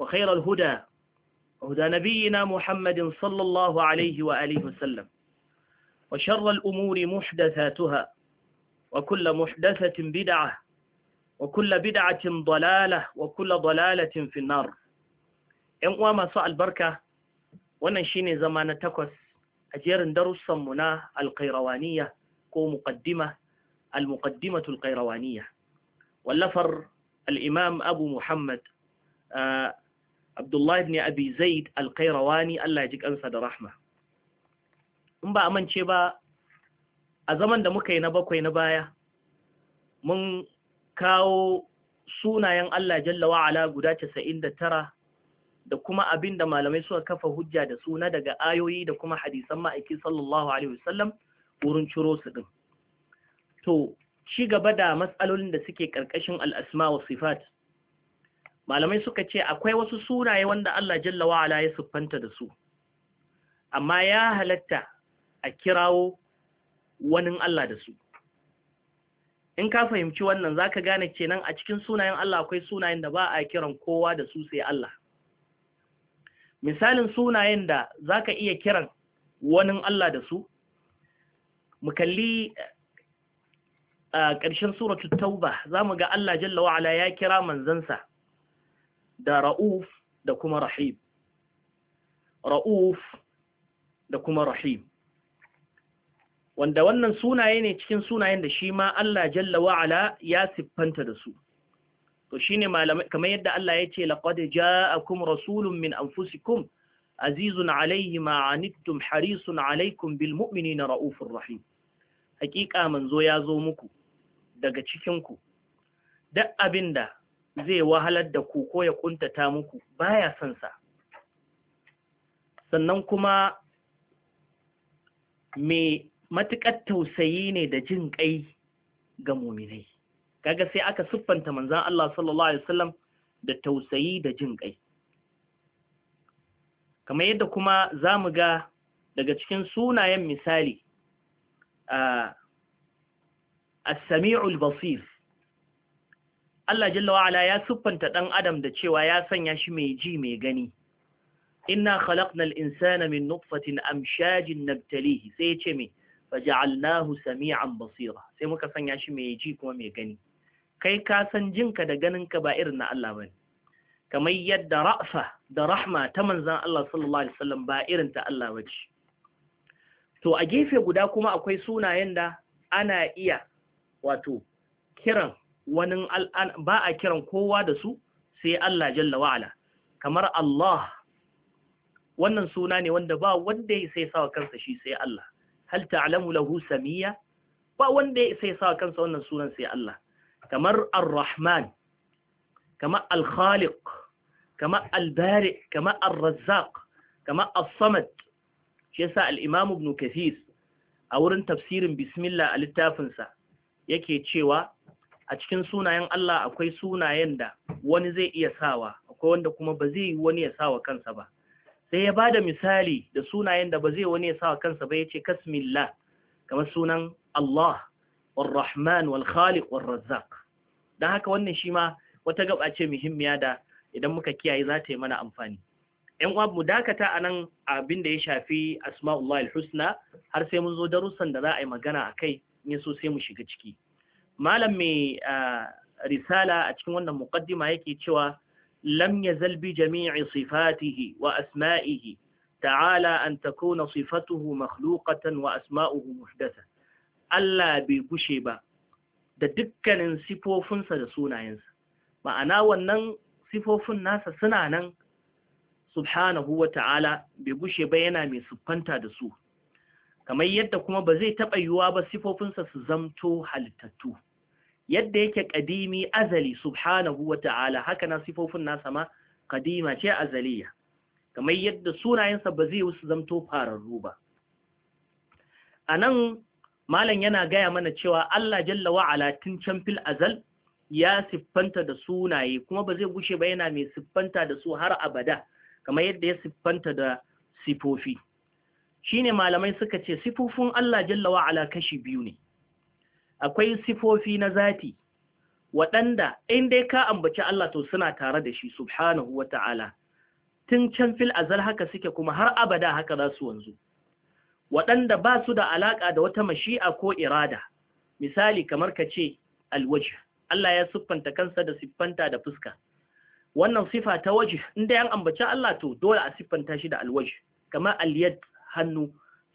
وخير الهدى وهدى نبينا محمد صلى الله عليه وآله وسلم وشر الأمور محدثاتها وكل محدثة بدعة وكل بدعة ضلالة وكل ضلالة في النار إن وما صاء البركة ونشيني زمان تكوس أجير درس منا القيروانية كو مقدمة المقدمة القيروانية واللفر الإمام أبو محمد آه، abdullahi ibn abi zaid al-qayrawani Allah ya ji kansa da rahma in ba a amince ba a zaman da muka yi na bakwai na baya mun kawo sunayen Allah jalla wa guda casa'in da kuma abin da malamai suka kafa hujja da suna daga ayoyi da kuma hadisan ma'aiki sallallahu alaihi wasallam wurin ciro su din to ci gaba da matsalolin da suke ƙarƙashin al'asma wa sifat malamai suka ce akwai wasu sunaye wanda Allah jalla wa'ala ya siffanta da su amma ya halatta a kirawo wani Allah da su in ka fahimci wannan zaka gane kenan a cikin sunayen Allah akwai sunayen da ba a kiran kowa da su sai Allah misalin sunayen da zaka iya kiran wani Allah da su mu kalli a eh, ƙarshen suratul tauba zamu ga Allah jalla wa'ala ya kira manzansa da ra'uf da kuma rahim ra'uf da kuma rahim wanda wannan sunaye ne cikin sunayen da shi ma Allah jalla wa'ala ya siffanta da su to shine malamai kamar yadda Allah ya ce laqad ja'akum rasulun min anfusikum azizun alayhi ma anittum harisun alaykum bil mu'minina raufur rahim hakika manzo ya zo muku daga cikin ku duk abinda zai wahalar da ku ko ya kuntata muku baya son sa sannan kuma me matuƙar tausayi ne da jin ƙai ga muminai kaga sai aka siffanta manzon Allah sallallahu alaihi wasallam da tausayi da jin ƙai kamar yadda kuma zamu ga daga cikin sunayen misali a ah, samiul basir Allah jalla ya siffanta ɗan adam da cewa ya sanya shi mai ji mai gani inna khalaqnal insana min nutfatin amshajin nabtalihi sai ya ce me faja'alnahu sami'an basira sai muka sanya shi mai ji kuma mai gani kai ka san jinka da ganinka ba irin na Allah bane kamar yadda ra'fa da rahma ta manzon Allah sallallahu alaihi wasallam ba irin ta Allah bace to a gefe guda kuma akwai sunayen da ana iya wato kiran wani ba a kiran kowa da su sai Allah jalla wa'ala kamar Allah wannan suna ne wanda ba wanda ya sai sawa kansa shi sai Allah hal ta'lamu lahu samiyya ba wanda ya sai sawa kansa wannan sunan sai Allah kamar ar-rahman kama al-khaliq kama al-bari kama ar-razzaq kama as-samad shi yasa al-imam ibn kathir a wurin tafsirin bismillah a littafinsa yake cewa a cikin sunayen Allah akwai sunayen da wani zai iya sawa akwai wanda kuma ba zai wani ya sawa kansa ba sai ya bada misali da sunayen da ba zai wani ya sawa kansa ba yace "Kasmilla, kamar sunan Allah Ar-Rahman, wal khaliq war razzaq dan haka wannan shi ma wata gaba ce muhimmiya da idan muka kiyaye za ta yi mana amfani ‘yan uwa mu dakata a nan abin da ya shafi asma'ullahi husna har sai mun zo darussan da za a yi magana a kai in so sai mu shiga ciki malam mai risala a cikin wannan muqaddima yake cewa lam yazal bi jami'i sifatihi wa asma'ihi ta'ala an takuna sifatuhu makhluqatan wa asma'uhu muhdatha Allah bai gushe ba da dukkanin sifofinsa da sunayensa ma'ana wannan sifofin nasa suna nan subhanahu wa ta'ala bai gushe ba yana mai siffanta da su kamar yadda kuma ba zai taɓa yiwuwa ba sifofinsa su zamto halittattu yadda yake kadimi azali subhanahu wa ta'ala haka na sifofin nasa ma kadima ce azaliya kamar yadda sunayensa ba zai wasu zamto fararru ba a nan malam yana gaya mana cewa Allah jalla wa'ala tun can fil azal ya siffanta da sunaye kuma ba zai gushe ba yana mai siffanta da su har abada kamar yadda ya siffanta da sifofi Shi ne malamai suka ce sifofin Allah jalla ala kashi biyu ne akwai sifofi na zati waɗanda in dai ka ambaci Allah to suna tare da shi subhanahu wa ta'ala tun can fil azal haka suke kuma har abada haka za su wanzu waɗanda ba su da alaƙa da wata mashi'a ko irada misali kamar ka ce alwajh Allah ya siffanta kansa da siffanta da fuska wannan sifa ta in inda yan ambaci Allah to dole a siffanta shi da alwajh kamar alyad hannu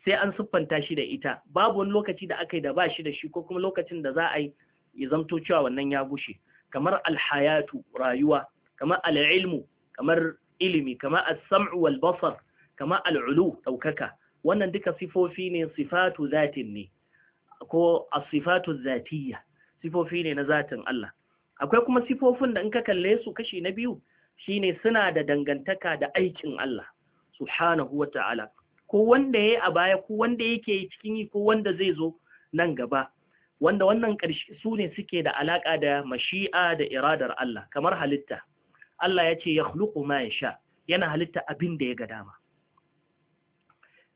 sai an siffanta shi da ita babu wani lokaci da aka yi da ba shi da shi ko kuma lokacin da za a yi ya zamto cewa wannan ya gushe kamar alhayatu rayuwa kamar al'ilmu kamar ilimi kamar as-sam'u wal basar kamar al'ulu daukaka wannan duka sifofi ne sifatu zatin ne ko as-sifatu zatiyya sifofi ne na zatin Allah akwai kuma sifofin da in ka kalle su kashi na biyu shine suna da dangantaka da aikin Allah subhanahu wata'ala ko wanda ya yi a baya ko wanda yake cikin yi ko wanda zai zo nan gaba wanda wannan ƙarshe su ne suke da alaƙa da mashi'a da iradar Allah kamar halitta Allah ya ce ya khluqu ma sha!', yana halitta abin da ya ga dama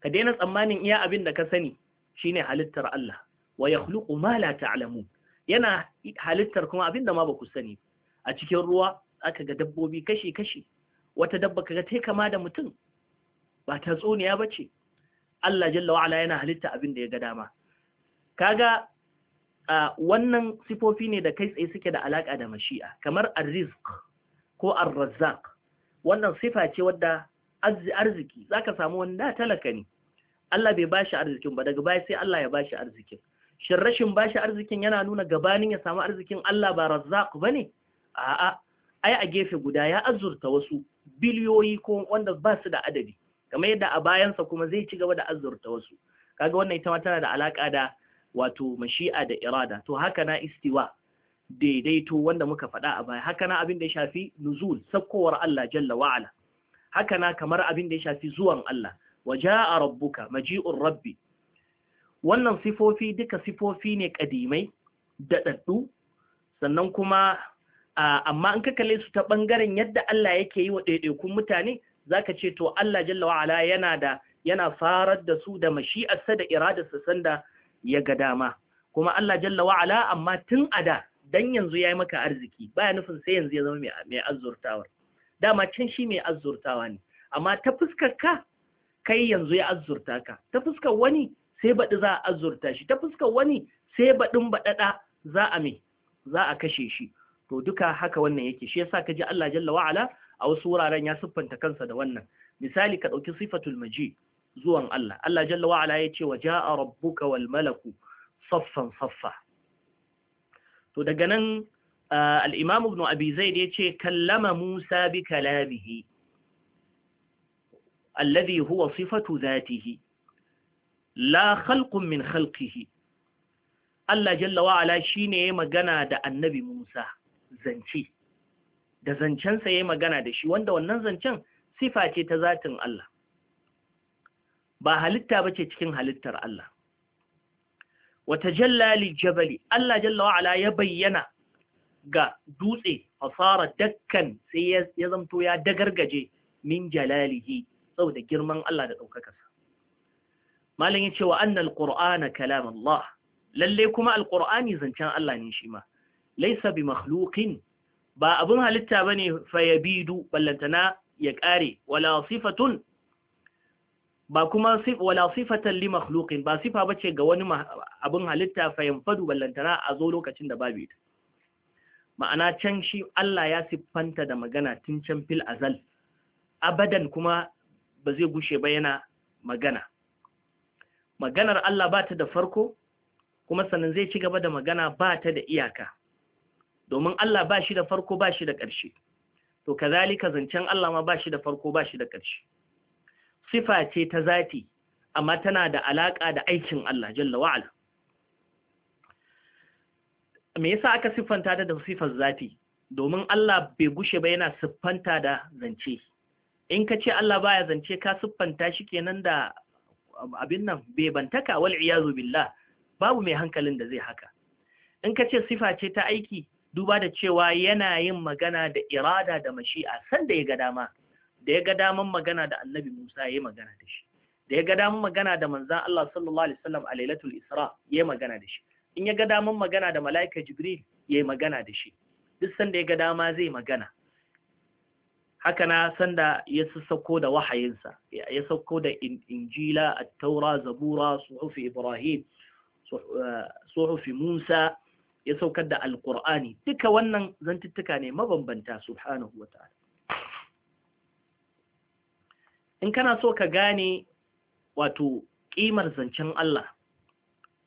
ka daina tsammanin iya abin da ka sani shine halittar Allah wa ya khluqu ma la yana halittar kuma abin da ma ba ku sani a cikin ruwa aka ga dabbobi kashi kashi wata dabba kaga tai kama da mutum ba tatsuniya ba ce Allah jalla wa'ala yana halitta abin da ya ga dama kaga wannan sifofi ne da kai tsaye suke da alaƙa da mashi'a kamar arzik ko arrazzaq wannan sifa ce wadda arziki za ka samu wanda talaka ne Allah bai bashi arzikin ba daga baya sai Allah ya ba shi arzikin shin rashin bashi arzikin yana nuna gabanin ya samu arzikin Allah ba razzaq ne? a'a ai a gefe guda ya azurta wasu biliyoyi ko wanda ba su da adadi kamar yadda a bayansa kuma zai ci gaba da azurta wasu kaga wannan ita ma tana da alaka da wato mashi'a da irada to haka na istiwa daidaito wanda muka faɗa a baya haka na abin da ya shafi nuzul sakkowar Allah jalla wa ala haka na kamar abin da ya shafi zuwan Allah waja'a rabbuka maji'ur rabbi wannan sifofi duka sifofi ne kadimai da daddu sannan kuma amma in ka kalle su ta bangaren yadda Allah yake yi wa daidaikun mutane zaka ce to Allah jalla wa ala yana da yana farar da su da mashi'arsa da sa sanda ya ga dama kuma Allah jalla wa ala amma tun ada dan yanzu yayi maka arziki baya nufin sai yanzu ya zama mai mai azurtawa dama can shi mai azurtawa ne amma ta fuskar ka kai yanzu ya azurta ka ta fuskar wani sai baɗi za a azurta shi ta fuskar wani sai baɗin baɗaɗa za a za a kashe shi to duka haka wannan yake shi yasa kaji Allah jalla wa ala a wasu wuraren ya siffanta kansa da wannan misali ka ɗauki sifatul maji zuwan Allah Allah jalla wa ala ya ce wa ja'a rabbuka wal malaku saffan saffa to daga nan al-imam ibn abi zaid ce kallama musa bi kalamihi alladhi huwa sifatu zatihi la khalqun min khalqihi Allah jalla wa ala shine magana da annabi Musa zance da zancensa ya magana da shi wanda wannan zancen sifa ce ta zatin Allah ba halitta ba ce cikin halittar Allah wata jallali jabali Allah jalla wa'ala ya bayyana ga dutse fasara dakkan sai ya zamto ya dagargaje min jalalihi saboda girman Allah da ɗaukakarsa malam ya ce wa annal qur'ana kalam Allah lalle kuma Alƙur'ani zancen Allah ne shi ma laysa bi makhluqin ba abun halitta ba ne fayabidu ballantana ya ƙare wala sifatun ba kuma wala sifatan li makhluqin ba sifa bace ga wani abun halitta fayanfadu ballantana a zo lokacin da babu ita ma'ana can shi Allah ya siffanta da magana tun can fil azal abadan kuma ba zai gushe ba yana magana maganar Allah ba ta da farko kuma sannan zai ci gaba da magana ba ta da iyaka domin Allah ba shi da farko ba shi da ƙarshe to kazalika zancen Allah ma ba shi da farko ba shi da ƙarshe sifa ce ta zati amma tana da alaƙa da aikin Allah jalla wa'ala me yasa aka siffanta ta da sifar zati domin Allah bai gushe ba yana siffanta da zance in ka ce Allah baya zance ka siffanta shi kenan da abin nan bai bantaka wal iyazu billah babu mai hankalin da zai haka in ka ce sifa ce ta aiki duba da cewa yana yin magana da irada da mashi'a sanda ya ga dama da ya ga daman magana da annabi Musa ya yi magana da shi da ya ga daman magana da manzan Allah sallallahu alaihi wasallam a lailatul isra ya yi magana da shi in ya ga daman magana da mala'ika jibril ya yi magana da shi duk sanda ya ga dama zai magana haka na sanda ya sassako da wahayinsa ya sauko da injila at-taura zabura suhufi ibrahim eh, suhufi musa ya saukar da Alƙur'ani, duka wannan zantuttuka ne mabambanta subhanahu wataala in kana so ka gane wato ƙimar zancen Allah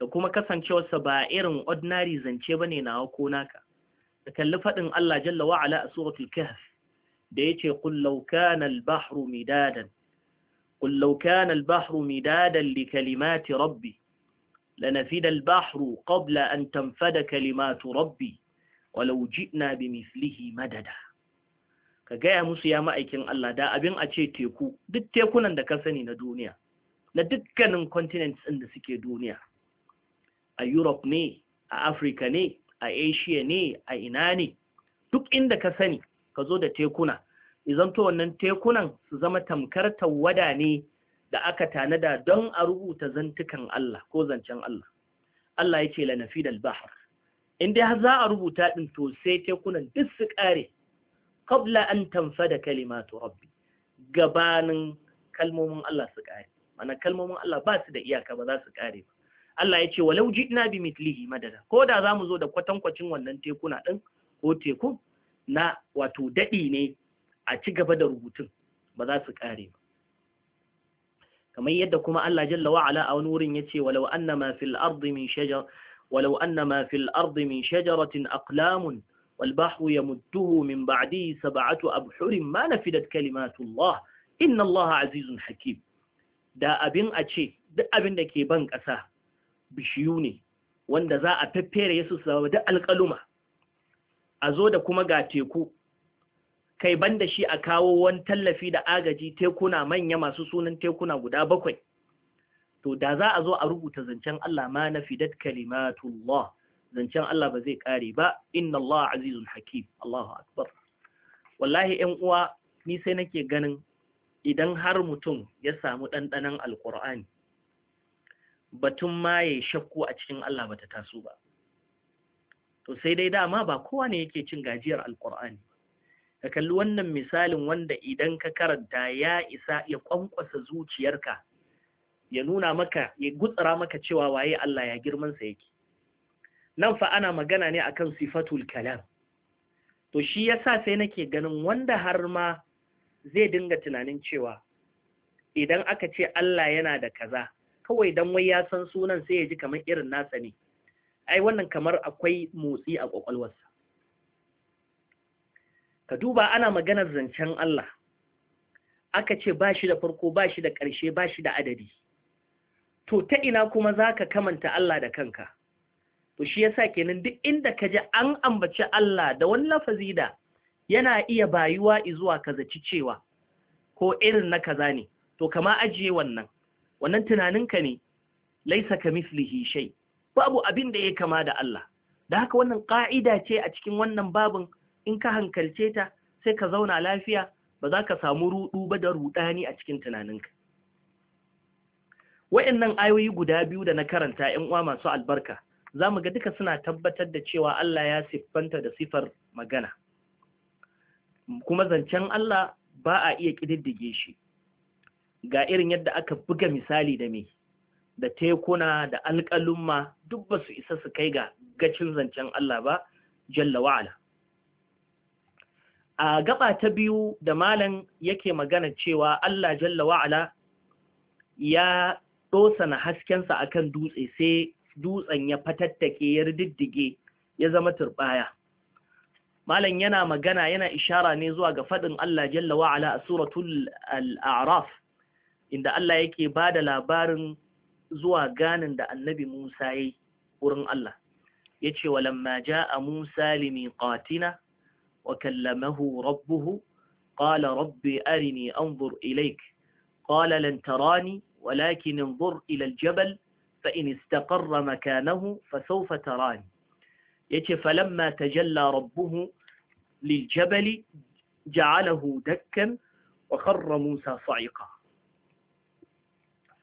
da kuma kasancewarsa ba irin ordinary zance bane nawa ko naka da kalli faɗin Allah jalla wa ala a suratul kahf da yace qul law kana al-bahru midadan qul law kana al-bahru midadan li kalimati rabbi لنفد البحر قبل أن تنفد كلمات ربي walau ji'na bi mislihi madada ka gaya musu ya ma'aikin Allah da abin a ce teku duk tekunan da ka sani na duniya na dukkanin continents ɗin da suke duniya a Europe ne a Africa ne a Asia ne a ina ne duk inda ka sani ka zo da tekuna izanto wannan tekunan su zama tamkar tawada ne da aka tanada don a rubuta zantukan Allah ko zancen Allah Allah ya ce lanafi fidal bahar in dai za a rubuta ɗin, to sai tekunan duk su kare kabla an da kalimatu rabbi gabanin kalmomin Allah su kare mana kalmomin Allah ba su da iyaka ba za su kare ba Allah ya ce walau ina bi mitlihi madada ko da za mu zo da kwatankwacin wannan tekuna ɗin ko teku na wato daɗi ne a ci gaba da rubutun ba za su kare ba kamar yadda kuma Allah jalla wa ala a wani wurin yace walau annama fil ardi min shajar walau annama fil ardi min shajaratin aqlamun wal bahru yamudduhu min ba'di sab'atu abhurin ma nafidat kalimatullah inna Allah azizun hakim da abin a ce duk abin da ke ban ƙasa bishiyu ne wanda za a faffere su su da alƙaluma a zo da kuma ga teku kai ban da shi a kawo wani tallafi da agaji tekuna manya masu sunan tekuna guda bakwai to da za a zo a rubuta zancen Allah ma na fidat kalimatullah zancen Allah ba zai kare ba inna Allah azizun hakim Allahu akbar wallahi 'yan uwa ni sai nake ganin idan har mutum ya samu ɗanɗanon alkur'ani batun ma ya shakku a cikin Allah bata taso ba to sai dai dama ba kowa ne yake cin gajiyar alkur'ani ka kalli wannan misalin wanda idan ka karanta ya isa ya kwankwasa zuciyarka ya nuna maka ya gutsara maka cewa waye Allah ya girmansa yake nan fa ana magana ne akan sifatul kalam to shi yasa sai nake ganin wanda har ma zai dinga tunanin cewa idan aka ce Allah yana da kaza kawai dan wai ya san sunan sai ya ji kamar irin nasa ne ai wannan kamar akwai motsi a kwakwalwarsa ka duba ana maganar zancen Allah aka ce ba shi da farko ba shi da ƙarshe ba shi da adadi to ta ina kuma za ka kamanta Allah da kanka to shi yasa kenan duk inda ka ji an ambaci Allah da wani lafazi da yana iya bayuwa izuwa ka zaci cewa ko irin na kaza ne to kama ajiye wannan wannan tunaninka ne laisa ka mislihi shay babu abin da ya kama da Allah da haka wannan ƙa'ida ce a cikin wannan babin in ka hankalce ta sai ka zauna lafiya ba za ka samu rudu ba da rudani a cikin tunaninka wa'annan ayoyi guda biyu da na karanta 'yan uwa masu albarka za mu ga duka suna tabbatar da cewa Allah ya siffanta da sifar magana kuma zancen Allah ba a iya ƙididdige shi ga irin yadda aka buga misali da me da tekuna da alƙalumma duk ba su isa su kai ga gacin zancen Allah ba jalla wa'ala a gaba ta biyu da malam yake magana cewa Allah jalla wa'ala ya dosana haskensa akan dutse sai dutsen ya fatattake ya riddige ya zama turbaya malam yana magana yana ishara ne zuwa ga faɗin Allah jalla wa'ala a suratul al-a'raf inda Allah yake ba da labarin zuwa ganin da annabi Musa yayi wurin Allah yace walamma jaa Musa limiqatina وكلمه ربه قال ربي أرني أنظر إليك قال لن تراني ولكن انظر إلى الجبل فإن استقر مكانه فسوف تراني يتي فلما تجلى ربه للجبل جعله دكا وخر موسى صعقا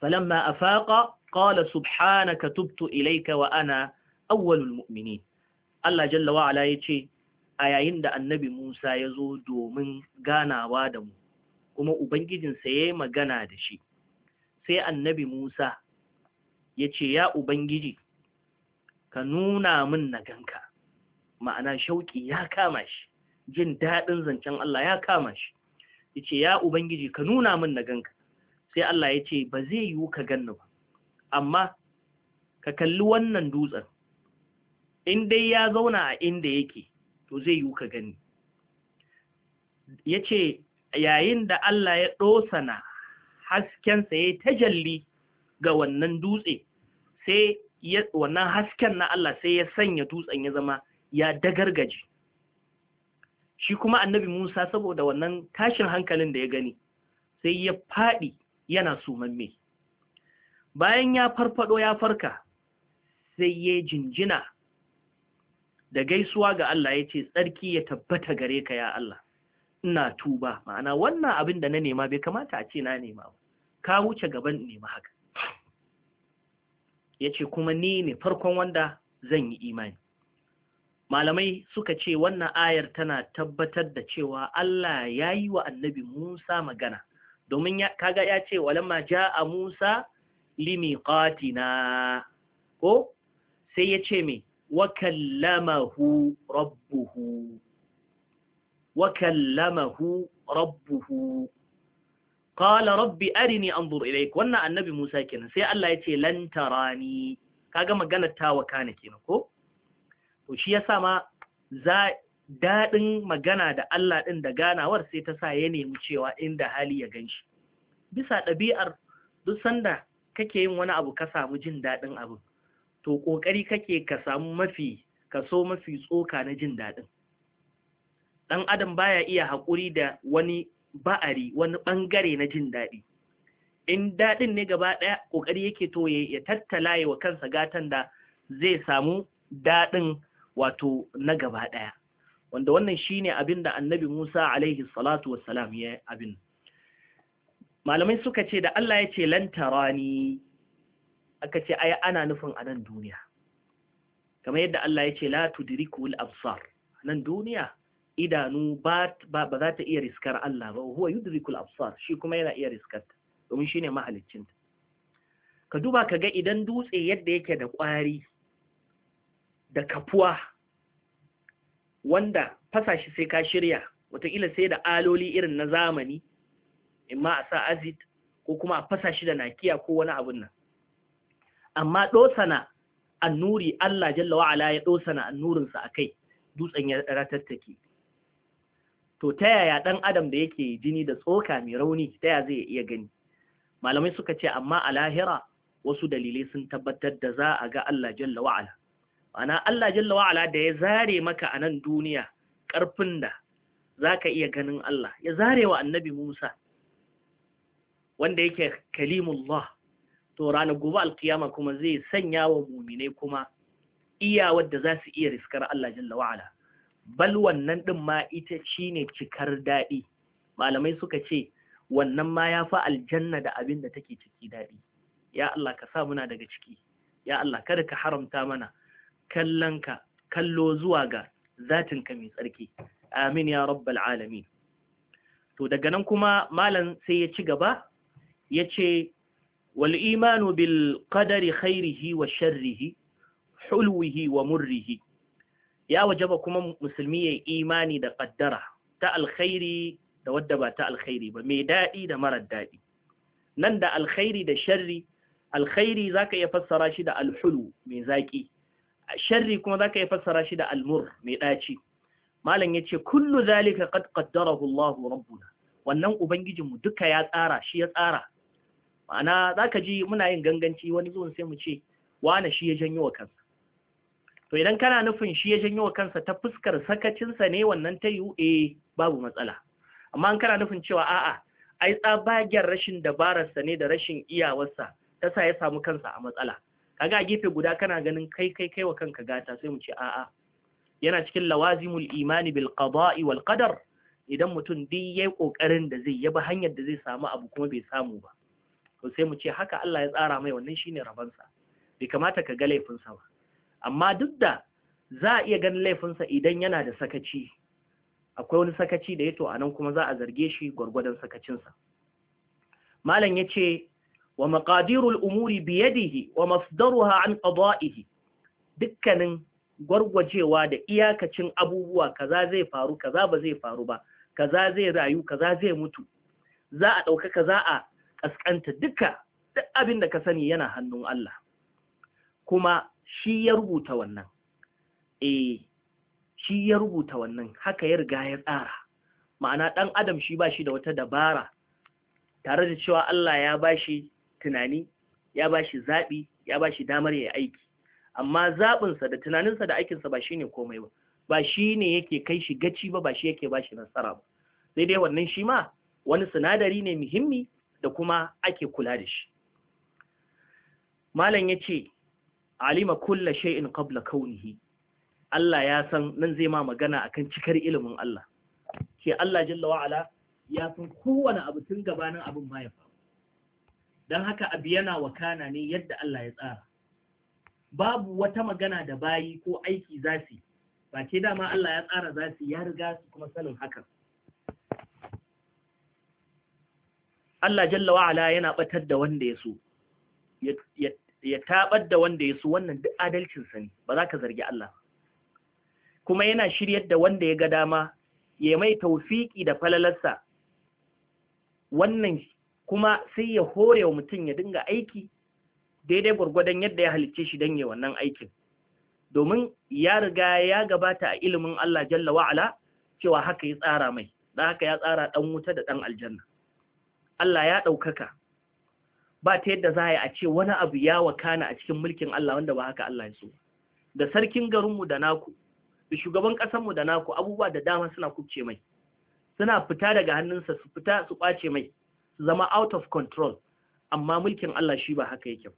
فلما أفاق قال سبحانك تبت إليك وأنا أول المؤمنين الله جل وعلا يتي a yayin da annabi Musa ya zo domin ganawa da mu, kuma Ubangijinsa ya yi magana da shi, sai annabi Musa ya ce, “Ya Ubangiji, ka nuna min na ganka, ma'ana shauƙi ya kama shi, jin daɗin zancen Allah ya kama shi, ya ce, “Ya Ubangiji, ka nuna min na ganka, sai Allah ya ce, “Ba zai yiwu ka ganni ba, amma ka kalli wannan dutsen, in dai ya zauna a inda yake. to zai yi ka gani ya ce yayin da Allah ya ɗosana haskensa ya tajalli ga wannan dutse sai wannan hasken na Allah sai ya sanya dutsen ya zama ya dagargaji shi kuma annabi Musa saboda wannan tashin hankalin da ya gani sai ya faɗi yana sumamme bayan ya farfado ya farka sai ya jinjina da gaisuwa ga Allah ya ce tsarki ya tabbata gare ka ya Allah ina tuba ma'ana wannan abin da na nema bai kamata a ce na nema ba ka wuce gaban nema haka ya ce kuma ni ne farkon wanda zan yi imani malamai suka ce wannan ayar tana tabbatar da cewa Allah ya yi wa annabi Musa magana domin kaga ya ce walamma ja'a Musa limiqatina ko sai ya ce me وكلمه ربه وكلمه ربه قال ربي أرني أنظر إليك wannan annabi Musa, kenan. Sai Allah yace لن تراني kaga maganar tawa kana kenan ko to shi yasa ma za dadin magana da Allah din da ganawar sai ta sa ya nemi cewa inda hali ya ganshi bisa ɗabi'ar duk sanda kake yin wani abu ka samu jin dadin abin to ƙoƙari kake ka samu mafi kaso mafi tsoka na jin daɗin ɗan adam baya iya haƙuri da wani ba'ari wani ɓangare na jin daɗi in daɗin ne gaba ɗaya ƙoƙari yake to ya tattala wa kansa gatan da zai samu daɗin wato na gaba ɗaya wanda wannan shine abin da annabi musa alaihi salatu wassalam ya abin malamai suka ce da allah ya ce lantarani aka ce ai ana nufin a nan duniya kamar yadda Allah ya ce la tudrikul absar nan duniya idanu ba ba za ta iya riskar Allah ba huwa yudrikul absar shi kuma yana iya riskar ta domin shine mahaliccin ta ka duba ka ga idan dutse yadda yake da kwari da kafuwa wanda fasa shi sai ka shirya wataƙila sai da aloli irin na zamani imma a sa azid ko kuma a fasa shi da nakiya ko wani abun nan amma dosana annuri Allah jalla wa ala ya dosana annurinsa akai dutsen ya ratattake to ta yaya dan adam da yake jini da tsoka mai rauni ta yaya zai iya gani malamai suka ce amma a lahira wasu dalilai sun tabbatar da za a ga Allah jalla wa ala ana Allah jalla wa ala da ya zare maka a nan duniya karfin da zaka iya ganin Allah ya zare wa annabi Musa wanda yake kalimullah to ranar gobe alkiyama kuma zai sanya wa muminai kuma iya wadda za su iya riskar Allah jalla wa'ala bal wannan din ma ita shine cikar daɗi malamai suka ce wannan ma ya fa aljanna da abin da take ciki daɗi ya Allah ka sa muna daga ciki ya Allah kada ka haramta mana kallon ka kallo zuwa ga zatin ka mai tsarki amin ya rabbal alamin to daga nan kuma malam sai ya ci gaba ya ce wal imanu bil qadari khairihi wa sharrihi hulwihi wa murrihi ya waje ba kuma musulmi yayi imani da qaddara ta alkhairi da wadda ba ta alkhairi ba mai daɗi da marar daɗi nan da alkhairi da sharri alkhairi zaka iya fassara shi da alhulu mai zaki sharri kuma zaka iya fasara shi da almur mai ɗaci malam ya yace kullu zalika qad qaddarahu Allah rabbuna wannan ubangijinmu duka ya tsara shi ya tsara ma'ana za ka ji muna yin ganganci wani zuwan sai mu ce wane shi ya janyo wa kansa to idan kana nufin shi ya janyo wa kansa ta fuskar sakacinsa ne wannan ta yi eh babu matsala amma in kana nufin cewa a'a ai tsabagen rashin dabararsa ne da rashin iyawarsa ta sa ya samu kansa a matsala kaga a gefe guda kana ganin kai kai kai wa kanka gata sai mu ce a'a yana cikin lawazimul imani bil qada'i wal qadar idan mutum duk yayi kokarin da zai yaba hanyar da zai samu abu kuma bai samu ba to sai mu ce haka Allah ya tsara mai wannan shine rabansa bai kamata ka ga laifinsa ba amma duk da za a iya ganin laifinsa idan yana da sakaci akwai wani sakaci da ya to anan kuma za a zarge shi gwargwadon sakacinsa malam ya ce wa maqadirul umuri biyadihi wa masdaruha an qada'ihi dukkanin gwargwajewa da iyakacin abubuwa kaza zai faru kaza ba zai faru ba kaza zai rayu kaza zai mutu za a ɗauka kaza a kaskanta duka duk abin da ka sani yana hannun Allah kuma shi ya rubuta wannan eh shi ya rubuta wannan haka ya riga ya tsara ma'ana ɗan adam shi ba shi da wata dabara tare da cewa Allah ya ba shi tunani ya ba shi zaɓi ya ba shi damar ya aiki amma zaɓinsa da tunaninsa da aikinsa ba shi ne komai ba ba shi ne yake kai shi gaci ba ba shi yake ba shi nasara ba sai dai wannan shi ma wani sinadari ne muhimmi da kuma ake kula da shi malam yace alima kulla shay'in qabla kaunihi Allah ya san nan zai ma magana akan cikar ilimin Allah ke Allah jalla wa ala ya san kowane abu tun gabanin abin ma ya faru dan haka abu yana wakana ne yadda Allah ya tsara babu wata magana da bayi ko aiki zasu ba ke dama Allah ya tsara zasu ya riga su kuma sanin hakan Allah jalla wa'ala yana batar da wanda ya so ya tabar da wanda ya so wannan duk sa ne ba za ka zargi Allah kuma yana shiryar da wanda ya ga dama ya mai tawfiki da falalarsa wannan kuma sai ya hore wa mutum ya dinga aiki daidai gwargwadon yadda ya halicce shi dan yi wannan aikin domin ya riga ya gabata a ilimin Allah jalla wa'ala cewa haka ya tsara mai da haka ya tsara ɗan wuta da ɗan aljanna Allah ya ɗaukaka ba ta yadda za a yi a ce wani abu ya wakana a cikin mulkin Allah wanda ba haka Allah ya so da sarkin garinmu da naku da shugaban ƙasarmu da naku abubuwa da dama suna kubce mai suna fita daga hannunsa su fita su ƙwace mai su zama out of control amma mulkin Allah shi ba haka yake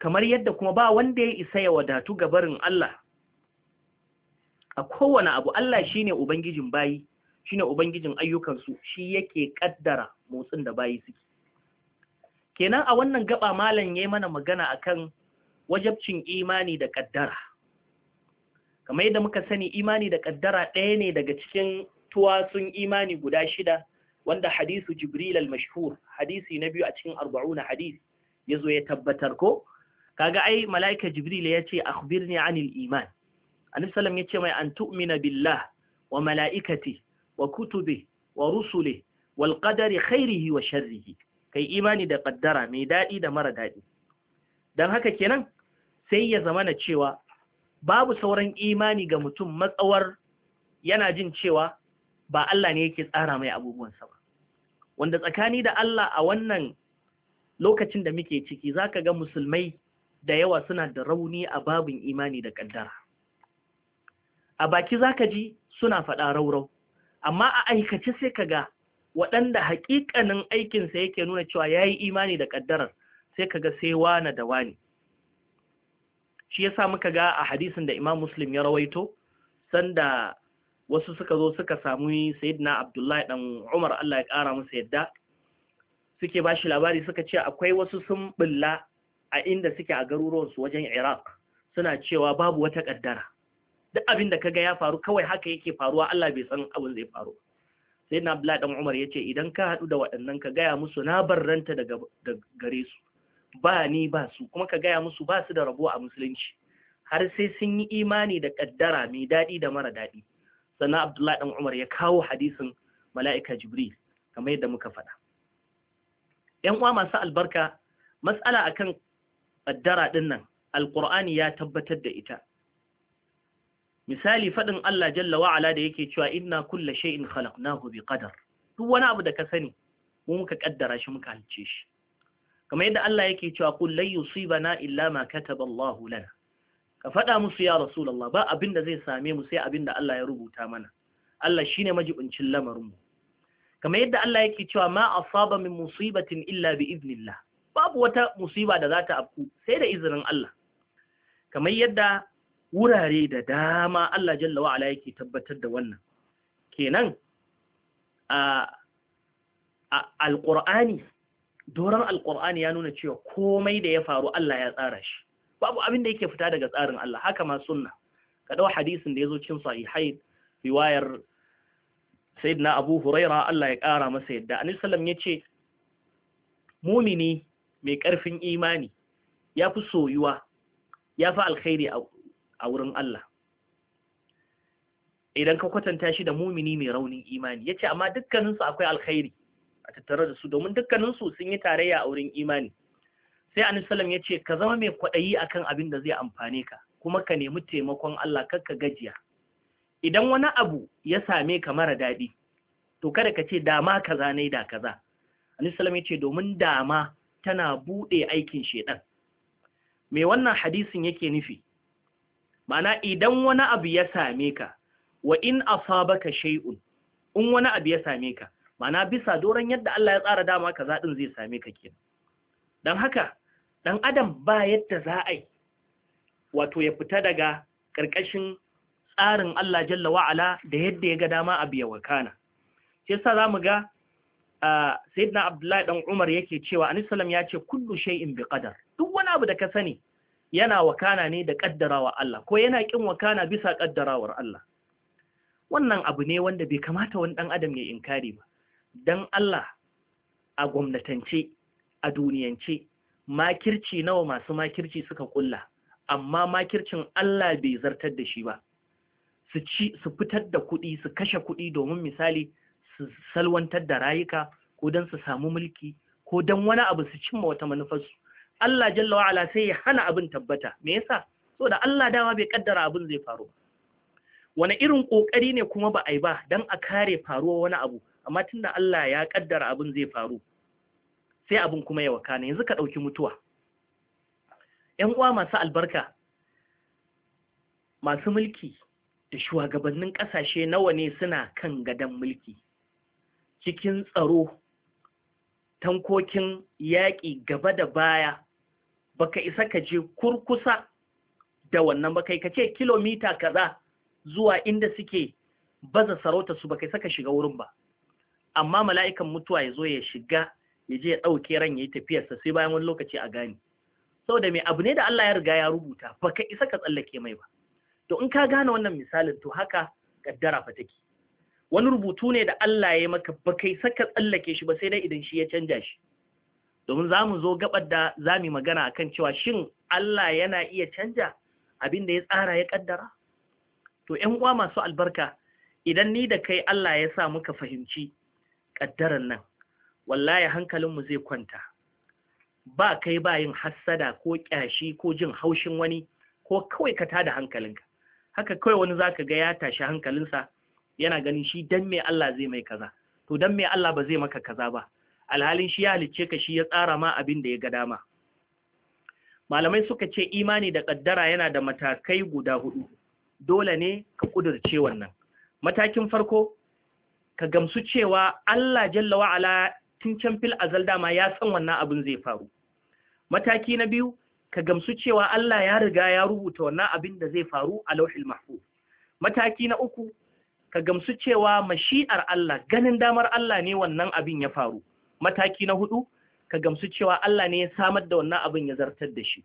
kamar yadda kuma ba wanda ya isa ya wadatu ga barin Allah a kowane abu Allah shine ubangijin bayi shine ubangijin ayyukansu shi yake kaddara motsin da bayi suke kenan a wannan gaba malam ya yi mana magana akan wajabcin imani da kaddara kamar yadda muka sani imani da kaddara ɗaya ne daga cikin tuwasun imani guda shida wanda hadisu jibril al-mashhur hadisi na biyu a cikin 40 hadis yazo ya tabbatar ko kaga ai malaika jibril ya ce akhbirni anil iman annabi sallam ya ce mai an tu'mina billah wa malaikati wa kutubi wa خيره وشره qadari khairihi wa kai imani da kaddara mai dadi da mara dadi dan haka kenan sai ya zamana cewa babu sauran imani ga mutum matsawar yana jin cewa ba Allah ne yake tsara mai abubuwansa ba wanda tsakani da Allah a wannan lokacin da muke ciki zaka ga musulmai da yawa suna da rauni a babin imani da kaddara a baki zaka ji suna faɗa raurau amma a aikace sai kaga waɗanda haƙiƙanin aikinsa yake nuna cewa ya yi imani da ƙaddarar sai kaga sai wane da wani shi ya sa muka ga a hadisin da imam muslim ya rawaito sanda wasu suka zo suka samu na abdullahi ɗan umar allah ya ƙara musu yadda suke ba shi labari suka ce akwai wasu sun bulla a inda suke a garuruwansu wajen iraq suna cewa babu wata ƙaddara duk abin da kaga ya faru kawai haka yake faruwa Allah bai san abin zai faru sai na Abdullahi dan Umar yace idan ka hadu da waɗannan ka gaya musu na barranta daga gare su ba ni ba su kuma ka gaya musu ba su da rabo a musulunci har sai sun yi imani da kaddara mai daɗi da mara daɗi sannan Abdullahi dan Umar ya kawo hadisin mala'ika Jibril kamar yadda muka faɗa ‘yan uwa masu albarka matsala akan kaddara ɗinnan nan ya tabbatar da ita misali faɗin Allah jalla wa'ala da yake cewa inna kulla shay'in khalaqnahu bi qadar duk wani abu da ka sani mu muka kaddara shi muka halice shi kamar yadda Allah yake cewa qul lan yusibana illa ma kataba Allah lana ka faɗa musu ya rasulullah ba abin da zai same mu sai abin da Allah ya rubuta mana Allah shine majibincin lamarin mu kamar yadda Allah yake cewa ma asaba min musibatin illa bi idnillah babu wata musiba da za ta afku sai da izinin Allah kamar yadda wurare da dama Allah jalla wa'ala yake tabbatar da wannan kenan a alƙur'ani doron alƙur'ani ya nuna cewa komai da ya faru Allah ya tsara shi babu abin da yake fita daga tsarin Allah haka ma sunna ka dawo hadisin da ya zo cikin sahihai riwayar sayyidina Abu Huraira Allah ya kara masa yadda annabi sallam yace mumini mai karfin imani ya fi soyuwa ya fi alkhairi a wurin Allah idan ka kwatanta shi da mumini mai raunin imani yace amma dukkaninsu akwai alkhairi a tattare da su domin dukkaninsu sun yi tarayya a wurin imani sai annabi sallam yace ka zama mai kwaɗayi akan abin da zai amfane ka kuma ka nemi taimakon Allah kar ka gajiya idan wani abu ya same ka mara daɗi to kada ka ce dama kaza ne da kaza annabi sallam yace domin dama tana buɗe aikin shedan me wannan hadisin yake nufi Ma'ana idan wani abu ya same ka wa in asabaka shay'un in wani abu ya same ka Ma'ana bisa doron yadda Allah ya tsara dama ka, zaɗin zai same ka kenan dan haka dan adam ba yadda za a yi wato ya fita daga ƙarƙashin tsarin Allah jalla wa'ala da yadda ya ga dama abu ya wakana shi yasa zamu ga sayyidina Abdullahi dan Umar yake cewa anisalam ya ce kullu shay'in bi qadar duk wani abu da ka sani yana wakana ne da kaddarawa Allah ko yana kin wakana bisa kaddarawar Allah wannan abu ne wanda bai kamata wani dan adam ya inkari ba dan Allah a gwamnatance a duniyance makirci nawa masu makirci suka kulla amma makircin Allah bai zartar da shi ba su ci su fitar da kuɗi su kashe kuɗi domin misali su salwantar da rayuka ko don su samu mulki ko don wani abu su cimma wata manufarsu Allah jalla wa sai ya hana abin tabbata me yasa saboda Allah dawa bai kaddara abin zai faru wani irin kokari ne kuma ba ai ba dan a kare faruwa wani abu amma tunda Allah ya kaddara abin zai faru sai abin kuma ya wakana yanzu ka dauki mutuwa ƴan uwa masu albarka masu mulki da shugabannin ƙasashe nawa ne suna kan gadon mulki cikin tsaro tankokin yaƙi gaba da baya baka isa ka je kurkusa da wannan baka ka ce kilomita kaza zuwa inda suke baza sarauta su baka isa ka shiga wurin ba amma mala'ikan mutuwa ya zo ya shiga ya je ya ɗauke ran ya yi tafiyarsa sai bayan wani lokaci a gane saboda mai abu ne da Allah ya riga ya rubuta baka isa ka tsallake mai ba to in ka gane wannan misalin to haka kaddara fa take wani rubutu ne da Allah ya yi maka baka isa ka tsallake shi ba sai dai idan shi ya canja shi domin za mu zo gabar da za mu magana kan cewa shin Allah yana iya canja abin da ya tsara ya kaddara to ƴan uwa masu albarka idan ni da kai Allah ya sa muka fahimci kaddaran nan wallahi hankalinmu zai kwanta ba kai ba yin hassada ko kyashi ko jin haushin wani ko kawai ka tada hankalinka haka kawai wani za ka ga ya tashi hankalinsa yana ganin shi dan me Allah zai mai kaza to dan me Allah ba zai maka kaza ba alhalin shi ya halicce ka shi ya tsara ma abin da ya ga dama malamai suka ce imani da ƙaddara yana da matakai guda hudu dole ne ka kudurce wannan matakin farko ka gamsu cewa Allah jalla wa'ala tun can fil azal dama ya san wannan abin zai faru mataki na biyu ka gamsu cewa Allah ya riga ya rubuta wannan abin da zai faru a lauhil mahfuz mataki na uku ka gamsu cewa mashi'ar Allah ganin damar Allah ne wannan abin ya faru mataki na hudu ka gamsu cewa Allah ne ya samar da wannan abin ya zartar da shi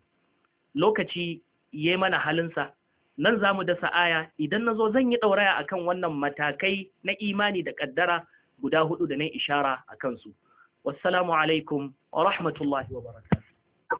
lokaci yayi mana halinsa nan za mu dasa aya idan na zo zan yi ɗauraya akan wannan matakai na imani da ƙaddara guda hudu da na ishara a kansu wassalamu alaikum wa rahmatullahi wa barakatuh